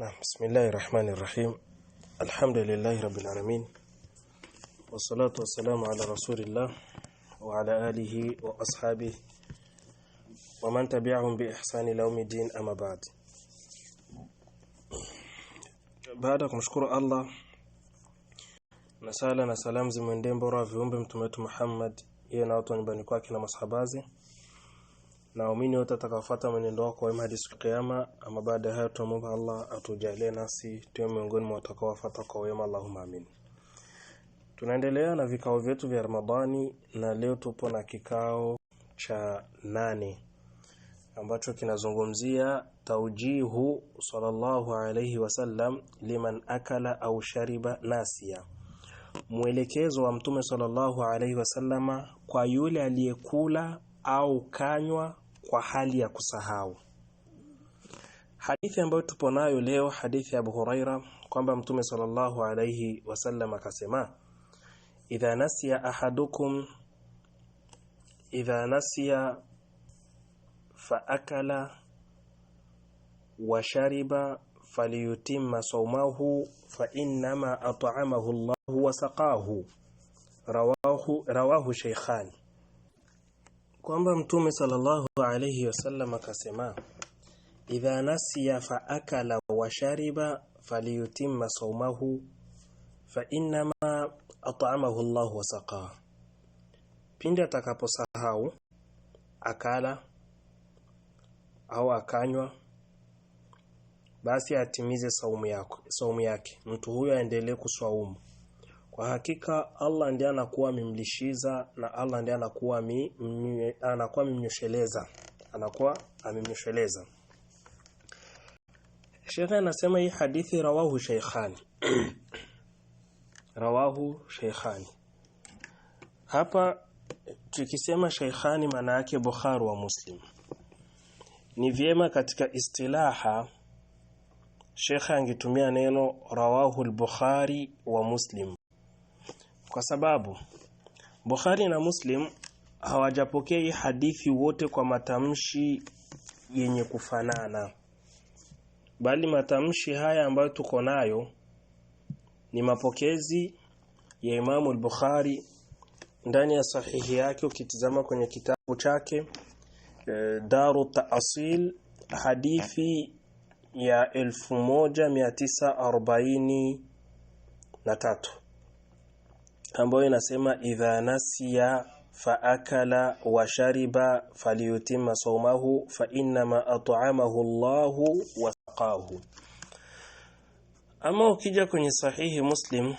نعم، بسم الله الرحمن الرحيم الحمد لله رب العالمين والصلاة والسلام على رسول الله وعلى آله وأصحابه ومن تبعهم بإحسان لوم الدين أما بعد بعدك نشكر الله نسأل سلام زمن دين برا في أمبي محمد ينعطون بنكوكي لما صحبازي na waumini wote atakafuata mwenendo wako wema hadi siku kiyama. Ama baada ya hayo, tunamuomba Allah atujalie nasi tuwe miongoni mwa watakaofuata kwa wema, Allahumma amin. Tunaendelea na vikao vyetu vya Ramadhani na leo tupo na kikao cha nane ambacho kinazungumzia taujihu sallallahu alayhi wasallam liman akala au shariba nasia, mwelekezo wa Mtume sallallahu alayhi wasallama kwa yule aliyekula au kanywa kwa hali ya kusahau. Hadithi ambayo tupo nayo leo, hadithi ya Abu Huraira kwamba Mtume sallallahu alayhi wasallam akasema, idha nasiya ahadukum idha nasiya faakala wa shariba falyutimma sawmahu fa innama at'amahu Allahu wa saqahu rawahu rawahu shaykhan kwamba mtume sallallahu alayhi wasallam akasema idha nasiya fa akala wa shariba falyutimma sawmahu fa innama at'amahu Allah wa saqa pindi atakaposahau akala au akanywa basi atimize saumu yake saumu yake mtu huyo aendelee kuswaumu kwa hakika Allah ndiye anakuwa amemlishiza na Allah ndiye anakuwa anakuwa amemnyosheleza anakuwa amemnyosheleza. Sheikh anasema hii hadithi rawahu Sheikhani rawahu Sheikhani. Hapa tukisema Sheikhani maana yake Bukhari wa Muslim. Ni vyema katika istilaha Sheikh angetumia neno rawahu al-Bukhari wa Muslim kwa sababu Bukhari na Muslim hawajapokea hadithi wote kwa matamshi yenye kufanana bali matamshi haya ambayo tuko nayo ni mapokezi ya Imamu al-Bukhari ndani ya sahihi yake ukitizama kwenye kitabu chake e, Daru Ta'sil, hadithi ya 1943 ambayo inasema idha nasiya faakala washariba falyutimma sawmahu fa innama at'amahu Allahu wasaqahu. Ama ukija kwenye sahihi Muslim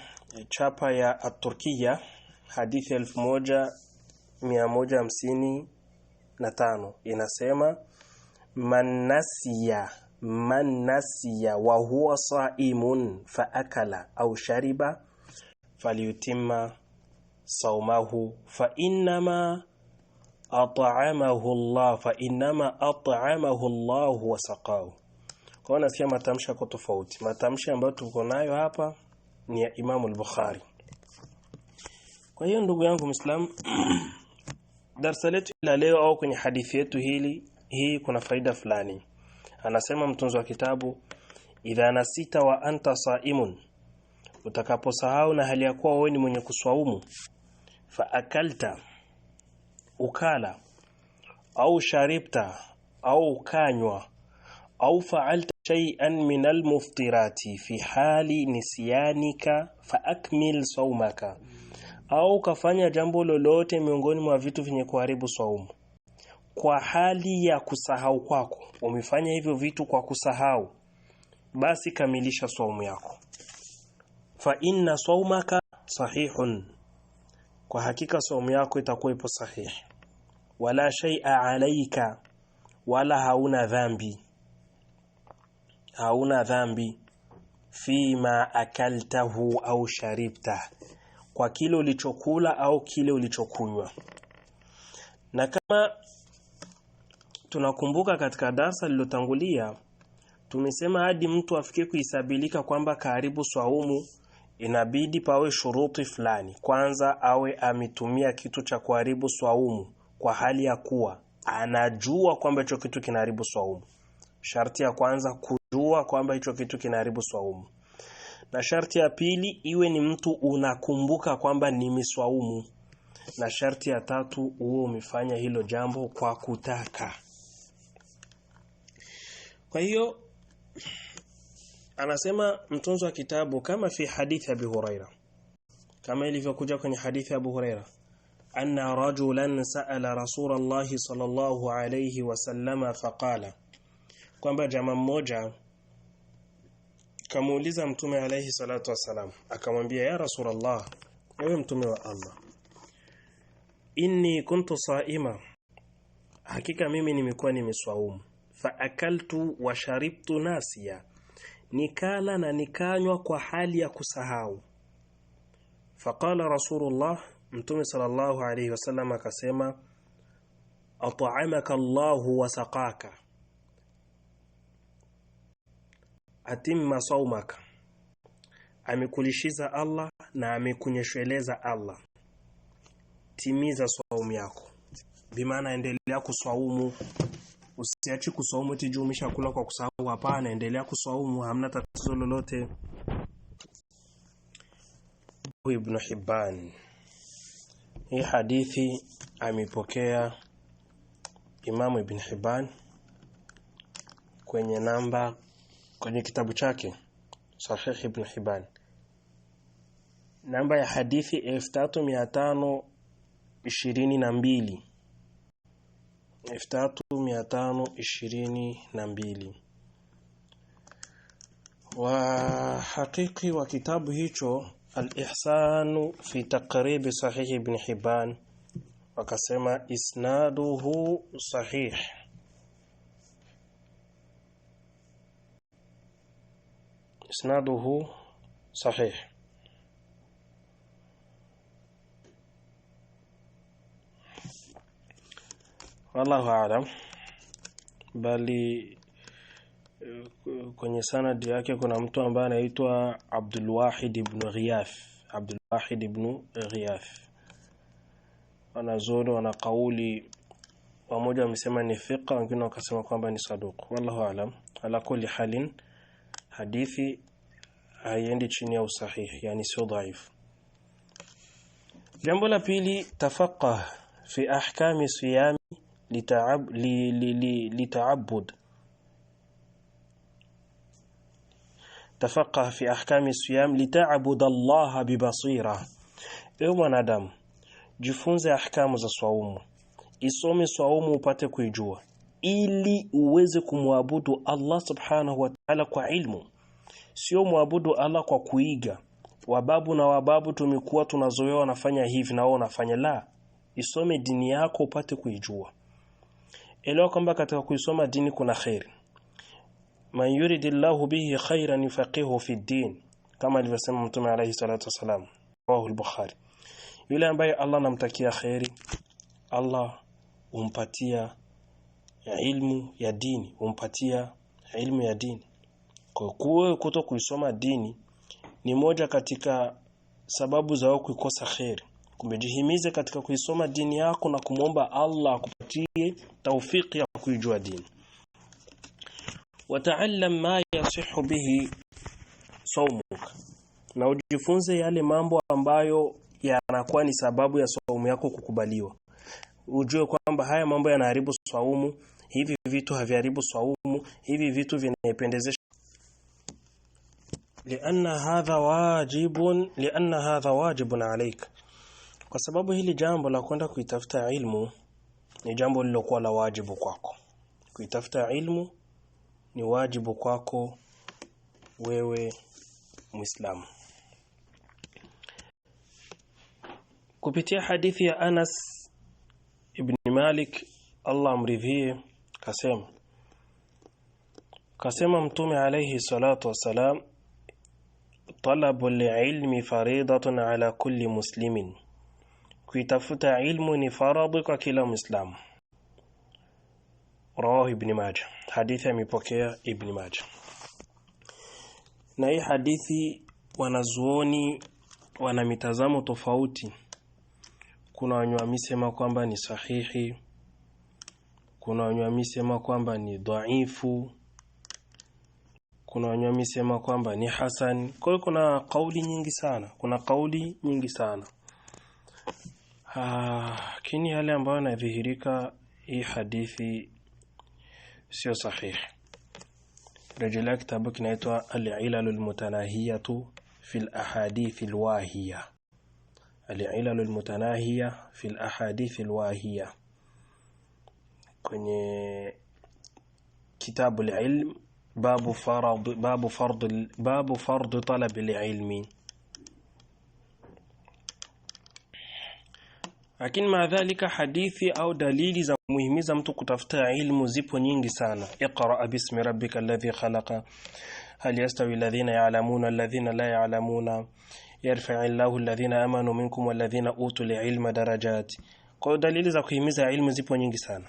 chapa ya At-Turkiya hadithi 1155 inasema man nasiya man nasiya wa huwa sa'imun faakala au shariba falyutimma saumahu fa innama at'amahu Allah fa innama at'amahu Allah wa saqahu. Kwa nasikia matamshi yako tofauti. Matamshi ambayo tuko nayo hapa ni ya Imam al-Bukhari. Kwa hiyo ndugu yangu Muislamu darsa letu la leo au kwenye hadithi yetu hili hii kuna faida fulani. Anasema mtunzi wa kitabu idha nasita wa anta saimun utakaposahau na hali ya kuwa wewe ni mwenye kuswaumu fa akalta ukala au sharibta au ukanywa au fa'alta shay'an min almuftirati fi hali nisyanika fa akmil sawmaka au ukafanya jambo lolote miongoni mwa vitu vyenye kuharibu swaumu kwa hali ya kusahau kwako umefanya hivyo vitu kwa kusahau basi kamilisha swaumu yako fa inna sawmaka sahihun kwa hakika saumu yako itakuwa ipo sahihi wala shay'a alaika wala hauna dhambi hauna dhambi fima akaltahu au sharibta kwa kile ulichokula au kile ulichokunywa na kama tunakumbuka katika darsa lilotangulia tumesema hadi mtu afikie kuisabilika kwamba karibu swaumu inabidi pawe shuruti fulani. Kwanza awe ametumia kitu cha kuharibu swaumu kwa hali ya kuwa anajua kwamba hicho kitu kinaharibu swaumu. Sharti ya kwanza kujua kwamba hicho kitu kinaharibu swaumu, na sharti ya pili iwe ni mtu unakumbuka kwamba ni miswaumu, na sharti ya tatu uwe umefanya hilo jambo kwa kutaka. Kwa hiyo Anasema mtunzo wa kitabu kama fi hadithi Abi Huraira. Kama ilivyokuja kwenye hadithi Abu Huraira anna rajulan sa'ala Rasulullah sallallahu alayhi wasallama faqala kwamba jamaa mmoja kamuuliza mtume alayhi salatu wasalam akamwambia ya Rasulullah ewe mtume wa Allah inni kuntu saima hakika mimi nimekuwa nimeswaumu fa akaltu wa sharibtu nasiya nikala na nikanywa kwa hali ya kusahau faqala rasulullah mtume sallallahu alayhi wasallam akasema at'amaka Allahu wa saqaka atimma saumaka amekulishiza Allah na amekunyesheleza Allah timiza saumu yako bimaana endelea kuswaumu Usiache kuswaumu eti juu umeshakula kwa kusahau. Hapana, endelea kuswaumu, hamna tatizo lolote. Ibn Hibban, hii hadithi amepokea Imamu Ibn Hibban kwenye namba kwenye kitabu chake Sahih Ibn Hibban namba ya hadithi 3522 elfu tatu mia wa kitabu hicho Al-Ihsanu fi taqribi sahihi Ibn Hibban wakasema isnaduhu sahih isnaduhu sahih wallahu aalam bali eh, kwenye sanadi yake kuna mtu ambaye anaitwa Abdul Wahid ibn Ghiyath Abdul Wahid wanazuoni wana kauli wamoja wamesema ni fiqa wengine wakasema kwamba ni saduq wallahu aalam ala kuli halin hadithi haiendi chini ya usahihi yani sio dhaifu jambo la pili tafaqah fi ahkami siyam litaabud tafaqah fi ahkami siyam litaabud Allah bibasira ewe mwanadamu jifunze ahkamu za swaumu isome swaumu upate kuijua ili uweze kumwabudu Allah subhanahu wa ta'ala kwa ilmu sio mwabudu Allah kwa kuiga wababu na wababu tumekuwa tunazoea wanafanya hivi na wao wanafanya la isome dini yako upate kuijua elewa kwamba katika kuisoma dini kuna khairi man yuridillahu bihi khairan yufaqihu fi ddin kama alivyosema mtume alayhi salatu wasalam rawahu al-bukhari yule ambaye Allah anamtakia khairi Allah umpatia ilmu ya dini umpatia ilmu ya dini kwa kuwa kuto kuisoma dini ni moja katika sababu za kuikosa khairi kumejihimiza katika kuisoma dini yako na kumwomba Allah akupatie taufiki ya kuijua dini wataallam ma yasihu bihi saumuk na ujifunze yale mambo ambayo yanakuwa ni sababu ya saumu yako kukubaliwa ujue kwamba haya mambo yanaharibu saumu hivi vitu haviharibu saumu hivi vitu vinaipendezesha lianna hadha wajibun lianna hadha wajibun alayka kwa sababu hili jambo la kwenda kuitafuta ilmu ni jambo lilokuwa la wajibu kwako. Kuitafuta ilmu ni wajibu kwako wewe Muislamu. Kupitia hadithi ya Anas ibn Malik, Allah amridhie, kasema kasema Mtume alayhi salatu wassalam, talabu lilmi faridatun ala kulli muslimin Kuitafuta ilmu ni faradhi kwa kila Muislamu. Rawahu Ibn Majah. Hadithi amepokea Ibn Majah. Na hii hadithi wanazuoni wana mitazamo tofauti. Kuna wenye wamesema kwamba ni sahihi, kuna wenye kwamba ni dhaifu, kuna wenye kwamba ni hasan. Kwa hiyo kuna kauli nyingi sana, kuna kauli nyingi sana. lakini yale ambayo yanadhihirika hii hadithi sio sahihi rejelea kitabu kinaitwa al-ilalu al-mutanahiyatu fi al-ahadith al-wahiya al-ilalu al-mutanahiya fi al-ahadith al-wahiya kwenye kitabu al-ilm babu farad babu fardu babu fard talab al-ilmi Lakini maadhalika hadithi au dalili za kumuhimiza mtu kutafuta ilmu zipo nyingi sana. Iqra bismi rabbika alladhi khalaqa hal yastawi alladhina ya'lamuna alladhina la ya'lamuna yarfa'u Allahu alladhina amanu minkum walladhina utul ilma darajat. Kwa dalili za kuhimiza ilmu zipo nyingi sana,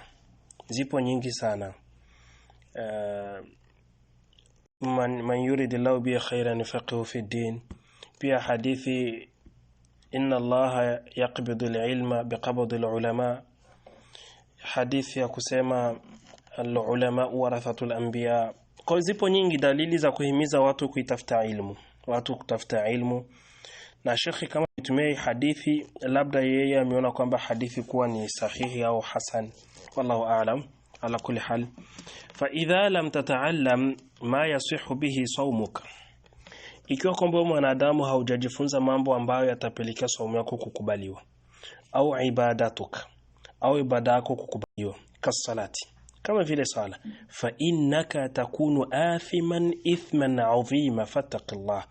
zipo nyingi sana. Uh, man, man yuridillahu bihi khairan faqihu fid din. Pia hadithi inna allaha yaqbidu lilma biqabdi alulama hadithi ya kusema alulama warathatul lambiya kwa zipo nyingi dalili za kuhimiza watu kuitafuta ilmu watu kutafuta ilmu na shekhi kama itumia hadithi labda yeye ameona kwamba hadithi kuwa ni sahihi au hasan wallahu alam ala kuli hal fa idha lam tata'allam ma yasihu bihi sawmuka ikiwa kwamba wewe mwanadamu haujajifunza mambo ambayo yatapelekea saumu yako kukubaliwa au ibadatuka au ibada yako kukubaliwa, kasalati, kama vile sala, fa innaka takunu athiman ithman adhima fattaqillah,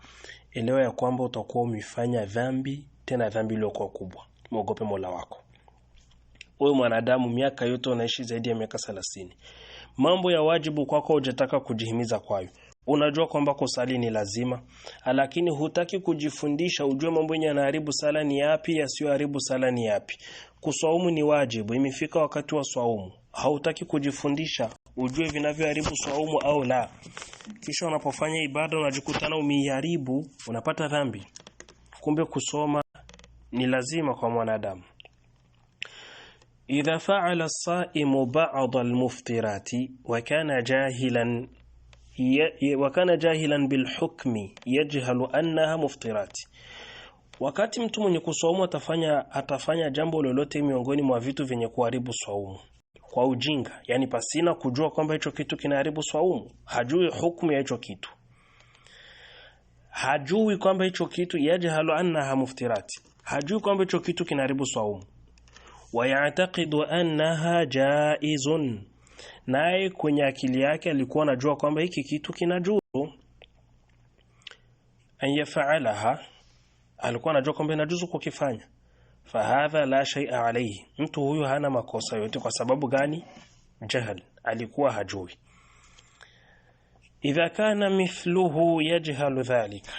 elewa ya kwamba utakuwa umefanya dhambi, tena dhambi iliyokuwa kubwa. Muogope Mola wako. Wewe mwanadamu, miaka yote unaishi zaidi ya miaka 30, mambo ya wajibu kwako hujataka kujihimiza kwayo Unajua kwamba kusali ni lazima, lakini hutaki kujifundisha ujue mambo yenye yanaharibu sala ni yapi, yasiyoharibu sala ni yapi. Kuswaumu ni wajibu, imefika wakati wa swaumu, hautaki kujifundisha ujue vinavyoharibu swaumu au la, kisha unapofanya ibada unajikutana umeiharibu, unapata dhambi. Kumbe kusoma ni lazima kwa mwanadamu. Idha faala saimu ba'd almuftirati wa kana jahilan wakana jahilan bilhukmi yajhalu annaha muftirati Wakati mtu mwenye kuswaumu atafanya, atafanya jambo lolote miongoni mwa vitu vyenye kuharibu swaumu kwa ujinga, yani pasina kujua kwamba hicho kitu kinaharibu swaumu, hajui hukumu ya hicho kitu, hajui kwamba hicho kitu yajhalu annaha muftirati, hajui kwamba hicho kitu kinaharibu swaumu, wayataqidu annaha jaizun naye kwenye akili yake alikuwa anajua kwamba hiki kitu kinajuzu an yafaalaha, alikuwa anajua kwamba inajuzu kukifanya. Fahadha la shay'a alayhi, mtu huyu hana makosa yote. Kwa sababu gani? Jahl, alikuwa hajui. Idha kana mithluhu yajhalu dhalika,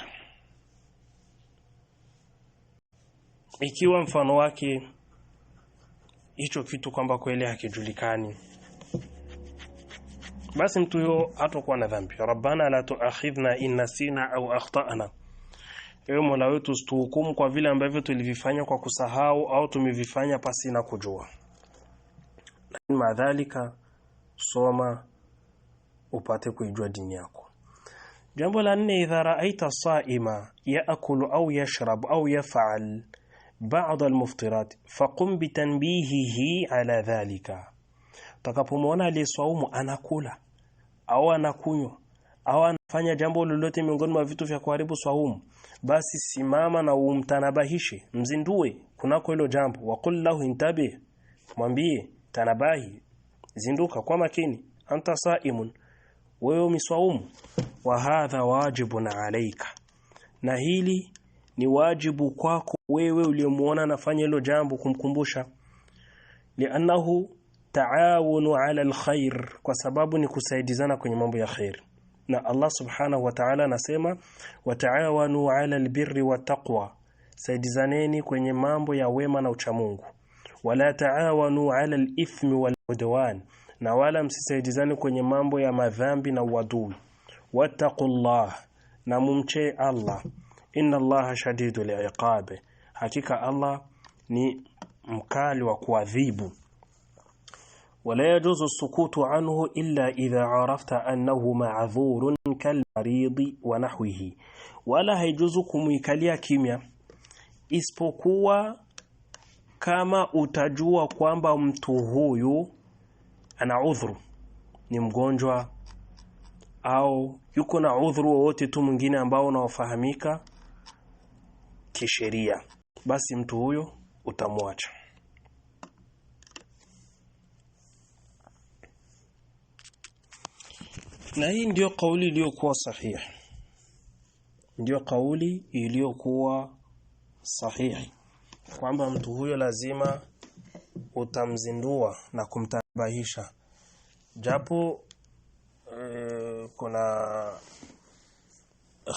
ikiwa mfano wake hicho kitu kwamba kweli hakijulikani basi mtu huyo hatakuwa na dhambi. Rabbana la tuakhidhna in nasina au akhtana, ewe Mola wetu usituhukumu kwa vile ambavyo tulivifanya kwa kusahau au tumevifanya pasi na kujua. Lakini madhalika, soma upate kuijua dini yako. Jambo la nne, idha raaita saima yaakulu au yashrab au yafal ba'd almuftirat faqum bitanbihihi ala dhalika Utakapomwona aliyeswaumu anakula au anakunywa au anafanya jambo lolote miongoni mwa vitu vya kuharibu swaumu, basi simama na umtanabahishe, mzindue kunako hilo jambo. Waqul lahu intabi, mwambie tanabahi, zinduka kwa makini. Anta saimun, wewe umiswaumu. Wa hadha wajibun alaika, na hili ni wajibu kwako wewe uliyemuona anafanya hilo jambo kumkumbusha li'annahu taawunu ala alkhair, kwa sababu ni kusaidizana kwenye mambo ya khair. Na Allah subhanahu wa ta'ala anasema wataawanu ala albirri wattaqwa, saidizaneni kwenye mambo ya wema na uchamungu. Wala taawanu ala lithmi waludwan, na wala msisaidizane kwenye mambo ya madhambi na uadui. Wattaqullah, na mumche Allah. Inna Allaha shadidul iqabi, hakika Allah ni mkali wa kuadhibu. ولا يجوز السكوت عنه إلا إذا عرفت أنه معذور كالمريض ونحوه wala haijuzu kumwikalia kimya isipokuwa kama utajua kwamba mtu huyu ana udhuru ni mgonjwa au yuko na udhuru wowote tu mwingine ambao unaofahamika kisheria basi mtu huyo utamwacha na hii ndio kauli iliyokuwa sahihi ndiyo kauli iliyokuwa sahihi kwamba mtu huyo lazima utamzindua na kumtabahisha japo e, kuna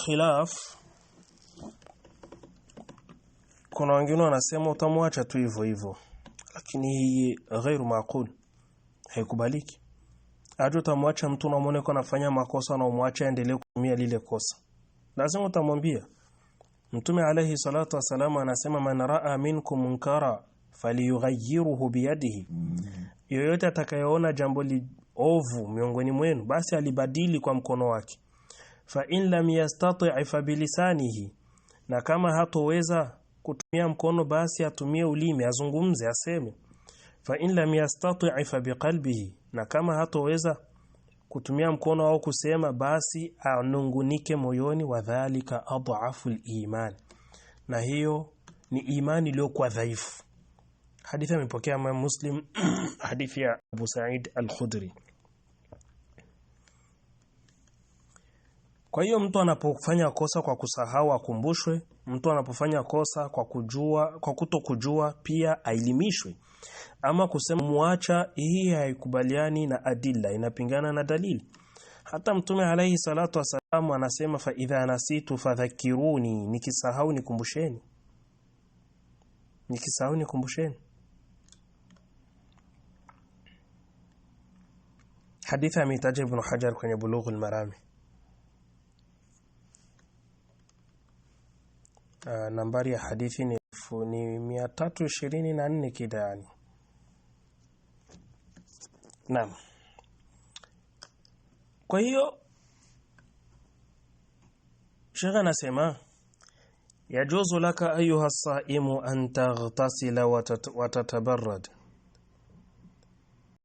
khilaf kuna wengine wanasema utamwacha tu hivyo hivyo lakini hii ghairu maqul haikubaliki hata utamwacha mtu kwa anafanya makosa na umwacha aendelee kutumia lile kosa, lazima utamwambia. Mtume alayhi salatu wasalam anasema, man raa minkum munkara falyughayyirhu biyadihi, mm-hmm. yoyote atakayeona jambo li ovu miongoni mwenu, basi alibadili kwa mkono wake. Fa in lam yastati fa bilisanihi, na kama hatoweza kutumia mkono, basi atumie ulimi, azungumze, aseme. Fa in lam yastati fa biqalbihi na kama hatoweza kutumia mkono au kusema, basi anungunike moyoni, wa dhalika adhafu liman, na hiyo ni imani iliyokuwa dhaifu. Hadithi amepokea Imam Muslim, hadithi ya Abu Sa'id al-Khudri. Kwa hiyo mtu anapofanya kosa kwa kusahau akumbushwe, mtu anapofanya kosa kwa kujua, kwa kutokujua pia ailimishwe. Ama kusema muacha, hii haikubaliani na adilla, inapingana na dalili. Hata Mtume alaihi salatu wasalamu anasema fa idha nasitu fadhakiruni, nikisahau nikumbusheni, nikisahau nikumbusheni. Hadithi ameitaja Ibn Hajar kwenye Bulughul Marami. Uh, nambari ya hadithi ni ni 324 kidani. Naam, kwa hiyo shekhe anasema yajuzu laka ayuha saimu an taghtasila watatabarrad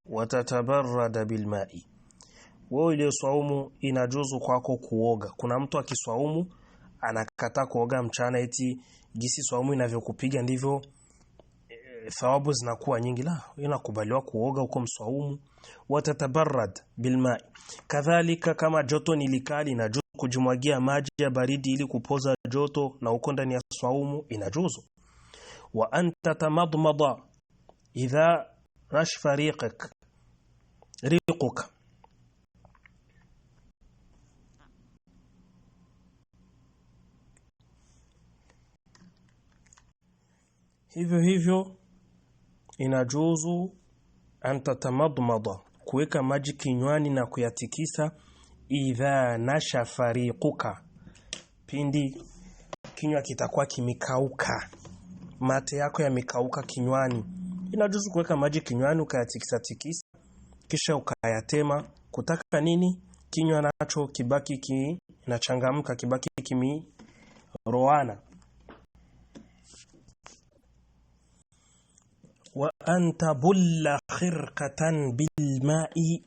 watatabarrada bilmai, wewe iliyoswaumu inajuzu kwako kuoga. Kuna mtu akiswaumu anakataa kuoga mchana eti jinsi swaumu inavyokupiga ndivyo e, thawabu zinakuwa nyingi. La, inakubaliwa kuoga huko mswaumu. Watatabarrad bilmai, kadhalika kama joto ni likali inajuzu kujimwagia maji ya baridi ili kupoza joto, na uko ndani ya swaumu inajuzu. Wa anta tamadmada idha nashfa fariqak riquka Hivyo hivyo inajuzu antatamadmada, kuweka maji kinywani na kuyatikisa, idha nasha fariquka, pindi kinywa kitakuwa kimekauka, mate yako yamekauka kinywani, inajuzu kuweka maji kinywani ukayatikisa tikisa, kisha ukayatema, kutaka nini? Kinywa nacho kibaki kinachangamka, kibaki kimiroana. وأن khirqatan bilmai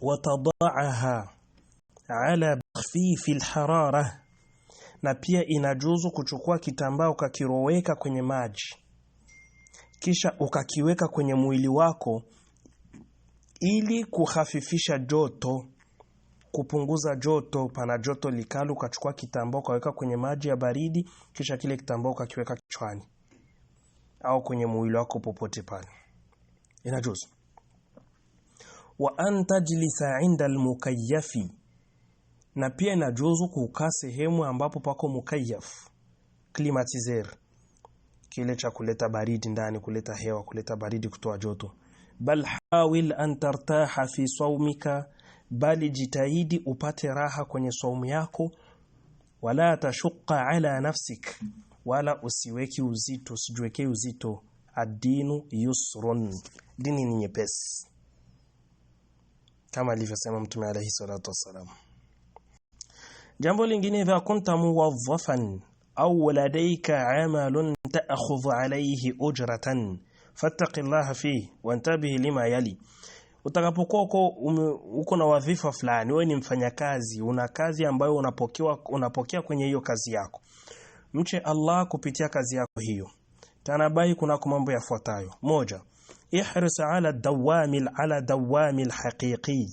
wa وتضعها ala takhfifi alharara, na pia inajuzu kuchukua kitambaa ukakiroweka kwenye maji kisha ukakiweka kwenye mwili wako ili kuhafifisha joto, kupunguza joto. Pana joto likali, ukachukua kitambaa ukaweka kwenye maji ya baridi, kisha kile kitambaa ukakiweka kichwani au kwenye mwili wako popote pale inajuzu wa antajlisa tajlisa inda almukayyafi na pia inajuzu kukaa sehemu ambapo pako mukayyaf climatizer kile cha kuleta baridi ndani kuleta hewa kuleta baridi kutoa joto bal hawil an tartaha fi sawmika bali jitahidi upate raha kwenye saumu yako wala tashuqa ala nafsik wala usiweki uzito usijiweke uzito adinu yusrun dini ni nyepesi kama alivyosema mtume alayhi salatu wasalam jambo lingine idha kunta muwazzafan au ladaika amalun ta'khudhu alayhi ujratan fattaqillaha fihi wantabihi lima yali utakapokuwa uko uko na wadhifa fulani wewe ni mfanyakazi una kazi ambayo unapokewa, unapokea kwenye hiyo kazi yako Mche Allah kupitia kazi yako hiyo. Tanabai kunako mambo yafuatayo. Moja, ihris ala dawamil ala dawamil haqiqi.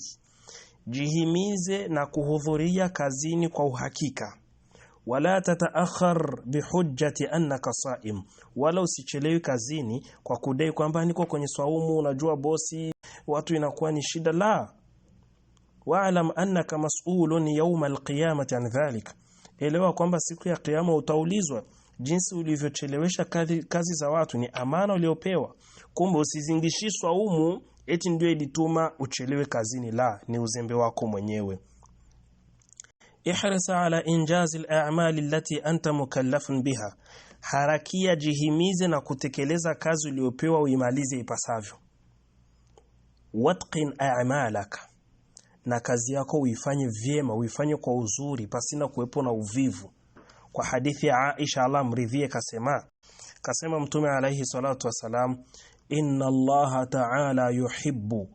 Jihimize na kuhudhuria kazini kwa uhakika. Wala tataakhar bihujjati annaka saim, wala usichelewi kazini kwa kudai kwamba niko kwenye swaumu, unajua bosi, watu inakuwa ni shida. La, waalam annaka mas'ulun yawma alqiyamati an dhalika elewa kwamba siku ya Kiyama utaulizwa jinsi ulivyochelewesha kazi, kazi za watu. Ni amana uliopewa, kumbe usizingishishwa umu eti ndio ilituma uchelewe kazini. La, ni uzembe wako mwenyewe. Ihrisa ala injazi al-a'mali allati anta mukallafun biha, harakia, jihimize na kutekeleza kazi uliopewa uimalize ipasavyo. watqin a'malaka na kazi yako uifanye vyema, uifanye kwa uzuri, pasina kuwepo na uvivu. Kwa hadithi ya Aisha, Allah mridhie, kasema kasema Mtume alaihi salatu wassalam, inna Allaha ta'ala yuhibbu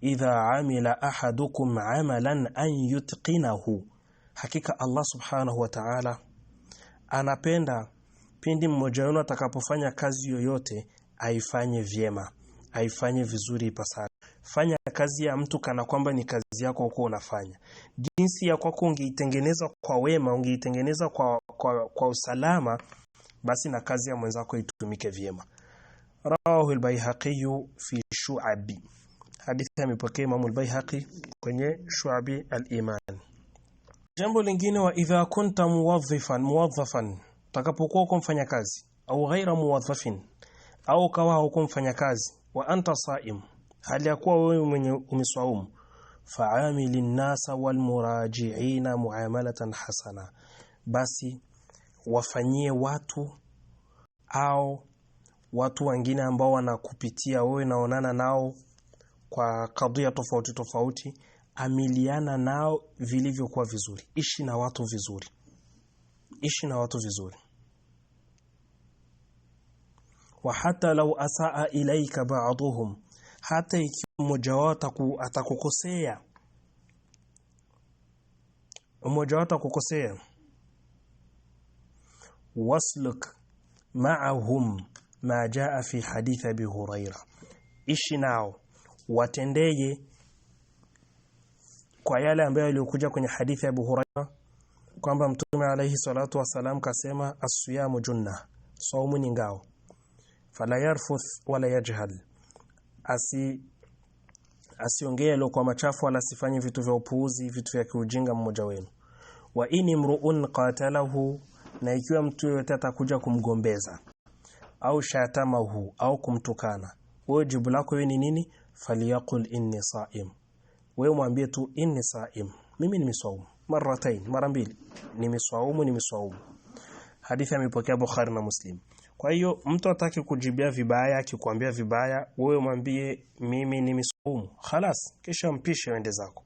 idha amila ahadukum amalan an yutqinahu, hakika Allah subhanahu wa ta'ala anapenda pindi mmoja wenu atakapofanya kazi yoyote aifanye vyema, aifanye vizuri ipasavyo. Fanya kazi ya mtu kana kwamba ni kazi yako huko unafanya. Jinsi ya kwako ungeitengeneza kwa wema, ungeitengeneza kwa, kwa, kwa usalama, basi na kazi ya mwenzako itumike vyema. Rawahu al-Baihaqi fi Shu'abi. Hadithi amepokea Imam al-Baihaqi kwenye Shu'abi al-Iman. Jambo lingine wa idha kunta muwadhifan muwadhafan, utakapokuwa uko mfanya kazi au ghaira muwadhafin, au kawa uko mfanya kazi wa anta saim hali ya kuwa wewe mwenye umeswaumu faamili nnasa walmurajiina muamalatan hasana, basi wafanyie watu au watu wengine ambao wanakupitia wewe, naonana nao kwa kadhia tofauti tofauti, amiliana nao vilivyokuwa vizuri, ishi na watu vizuri, ishi na watu vizuri. wa hata lau asaa ilaika ba'dhum hata ikiwa mmoja wao atakukosea, mmoja wao atakukosea, wasluk maahum ma jaa fi hadith Abi Huraira, ishi nao watendeye kwa yale ambayo yaliokuja kwenye hadithi ya Abu Huraira kwamba Mtume alayhi salatu wasalam kasema, asiyamu junna, saumu ni ngao, fala yarfuth wala yajhal asi asiongee kwa machafu wala asifanye vitu vya upuuzi vitu vya kiujinga mmoja wenu wa ini mruun qatalahu na ikiwa mtu yeyote atakuja kumgombeza au shatamahu au kumtukana wewe jibu lako wewe ni nini faliyaqul inni saim wewe mwambie tu inni saim mimi nimeswaumu maratain mara mbili nimeswaumu nimeswaumu hadithi amepokea bukhari na muslim kwa hiyo mtu ataki kujibia vibaya, akikwambia vibaya, wewe mwambie mimi ni misumu Khalas, kisha mpishe wende zako.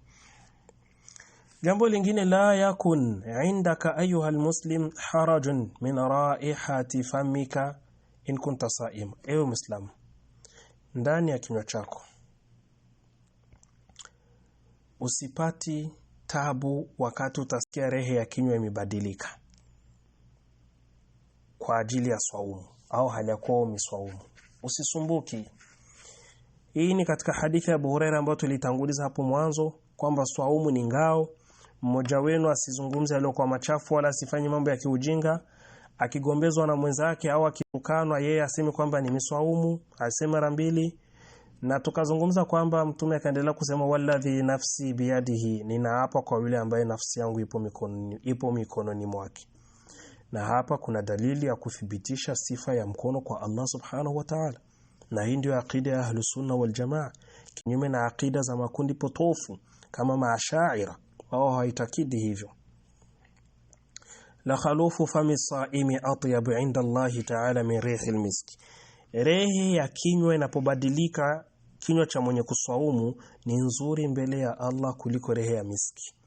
Jambo lingine, la yakun indaka ayuha almuslim harajun min raihati famika in kunta saima, ewe muslim ndani ya kinywa chako usipati tabu wakati utasikia rehe ya kinywa imebadilika kwa ajili ya swaumu au hajakuomi swaumu usisumbuki hii ni katika hadithi ya Abu Huraira ambayo tulitanguliza hapo mwanzo kwamba swaumu ni ngao mmoja wenu asizungumze aliyokuwa machafu wala asifanye mambo ya kiujinga akigombezwa na mwenzake au akitukanwa yeye aseme kwamba ni miswaumu aseme mara mbili na tukazungumza kwamba mtume akaendelea kusema walladhi nafsi biyadihi ninaapa kwa yule ambaye nafsi yangu ipo mikononi ipo mikononi mwake na hapa kuna dalili ya kuthibitisha sifa ya mkono kwa Allah subhanahu wa ta'ala, na hii ndio akida ya Ahlusunna wal Jamaa, kinyume na akida za makundi potofu kama Maashaira, wao hawaitakidi hivyo. La khalufu fami saimi atyab inda Allahi ta'ala min rihi miski, rehi ya kinywa inapobadilika kinywa cha mwenye kuswaumu ni nzuri mbele ya Allah kuliko rehe ya miski.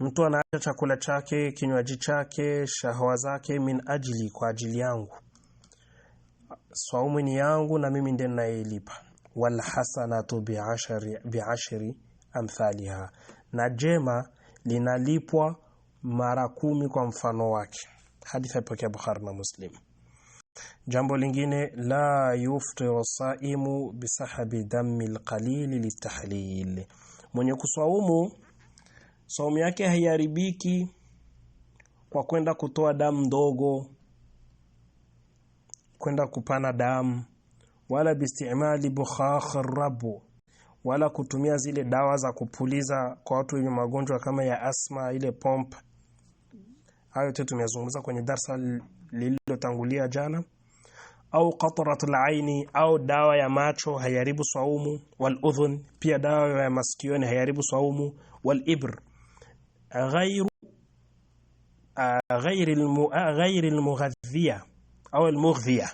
Mtu anaacha chakula chake, kinywaji chake, shahawa zake min ajili, kwa ajili yangu. Saumu ni yangu na mimi ndiye ninayelipa. Wal hasanatu biashari bi'ashri amthaliha, na jema linalipwa mara kumi kwa mfano wake. Hadithi ipokea Bukhari na Muslim. Jambo lingine, la yuftiru saimu bisahabi dami lqalili litahlil, mwenye kuswaumu saumu yake haiharibiki kwa kwenda kutoa damu ndogo, kwenda kupana damu, wala bistimali bukhakh rabu, wala kutumia zile dawa za kupuliza kwa watu wenye magonjwa kama ya asma, ile pomp. Hayo yote tumezungumza kwenye darsa lililotangulia jana. Au qatrat alaini au dawa ya macho hayaribu saumu, wal udhun, pia dawa ya masikioni hayaribu saumu, wal ibr غير غير غير au almughziya.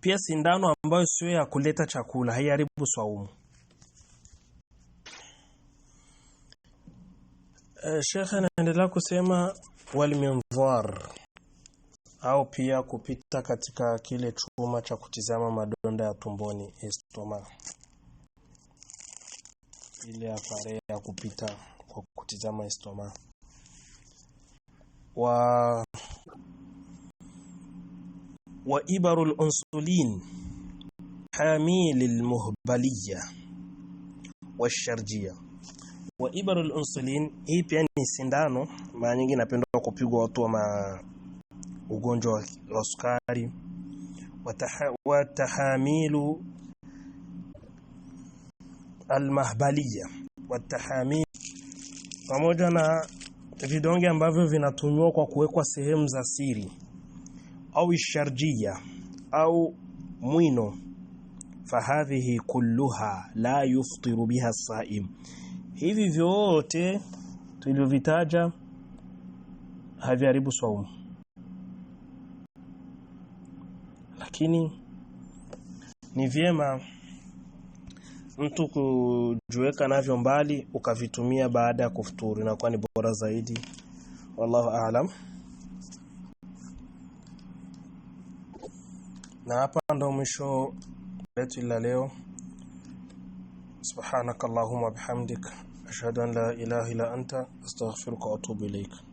Pia sindano ambayo sio ya kuleta chakula haiharibu swaumu. shekhe eh, Sheikh anaendelea kusema wal au pia kupita katika kile chuma cha kutizama madonda ya tumboni estoma ile afare ya kupita kwa kutizama istoma wa wa ibarul unsulin hamil almuhbaliya washarjia wa ibarul unsulin hii pia ni sindano mara nyingi inapendwa kupigwa watu wa ma ugonjwa wa sukari tahamilu almahbalia watahamim pamoja na vidonge ambavyo vinatumiwa kwa kuwekwa sehemu za siri au sharjia au mwino fahadhihi kulluha la yuftiru biha saim hivi vyote tulivyovitaja haviharibu saumu lakini ni vyema mtu kujiweka navyo mbali ukavitumia baada ya kufuturu inakuwa ni bora zaidi wallahu aalam na hapa ndo mwisho letu la leo subhanakallahumma bihamdik ashhadu an la ilaha illa anta astaghfiruka wa atubu ilaika